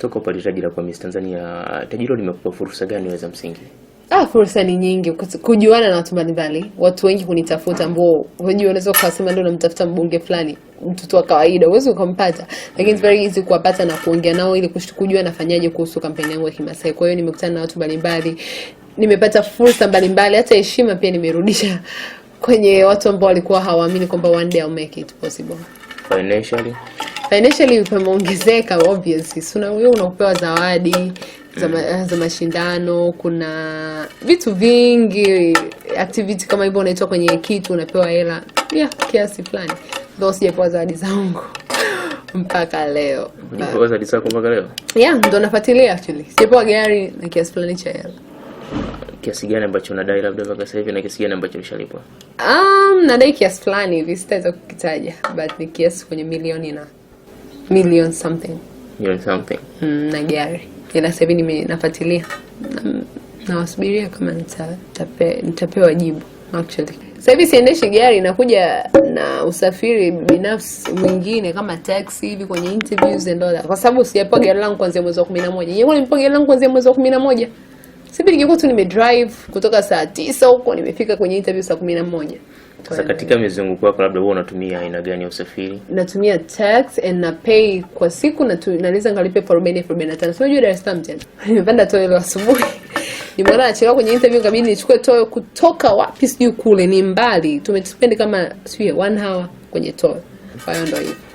Toka upande taji la kwa Miss Tanzania, taji hilo limekupa fursa gani waweza msingi? Ah, fursa ni nyingi, kujuana na watu mbalimbali, watu wengi kunitafuta, ambao unajua, unaweza ukasema ndio unamtafuta mbunge fulani, mtoto wa kawaida huwezi ukampata, lakini it's very easy kuwapata na kuongea nao ili kujua nafanyaje kuhusu kampeni yangu ya Kimasai. Kwa hiyo nimekutana na watu mbalimbali, nimepata fursa mbalimbali, hata heshima pia nimerudisha kwenye watu ambao walikuwa hawaamini kwamba one day I'll make it possible financially financially pameongezeka obviously, suna wewe unapewa zawadi za, ma, mm. za mashindano. Kuna vitu vingi activity kama hivyo, unaitwa kwenye kitu unapewa hela yeah, kiasi fulani, ndio sijapewa zawadi zangu mpaka leo zawadi zako mpaka leo yeah, ndo nafuatilia actually. Sijapewa gari na kiasi fulani cha hela. Kiasi gani ambacho unadai labda mpaka sasa hivi na kiasi gani ambacho ushalipwa? Um, nadai kiasi fulani hivi sitaweza kukitaja, but ni kiasi kwenye milioni na million something million something mm, na gari ila sasa hivi nafuatilia nawasubiria na kama nitapewa nitape jibu actually sasa hivi siendeshi gari, nakuja na usafiri binafsi mwingine kama taxi hivi kwenye interviews and all that, kwa sababu sijapewa gari langu kuanzia mwezi wa 11. Ningekuwa nimepewa gari langu kuanzia mwezi wa 11, sasa hivi ningekuwa tu nime drive kutoka saa tisa huko nimefika kwenye interview saa 11. Sasa katika mizunguko yako labda wewe unatumia aina gani ya usafiri? Natumia tax and na pay kwa siku na naweza ngalipe 40 45. Sio juu Dar es Salaam tena. Nimepanda toyo leo asubuhi. Nimeona nachelewa kwenye interview kabidi nichukue toyo kutoka wapi sijui kule ni mbali. Tumespend kama sio 1 hour kwenye toyo. Kwa hiyo ndio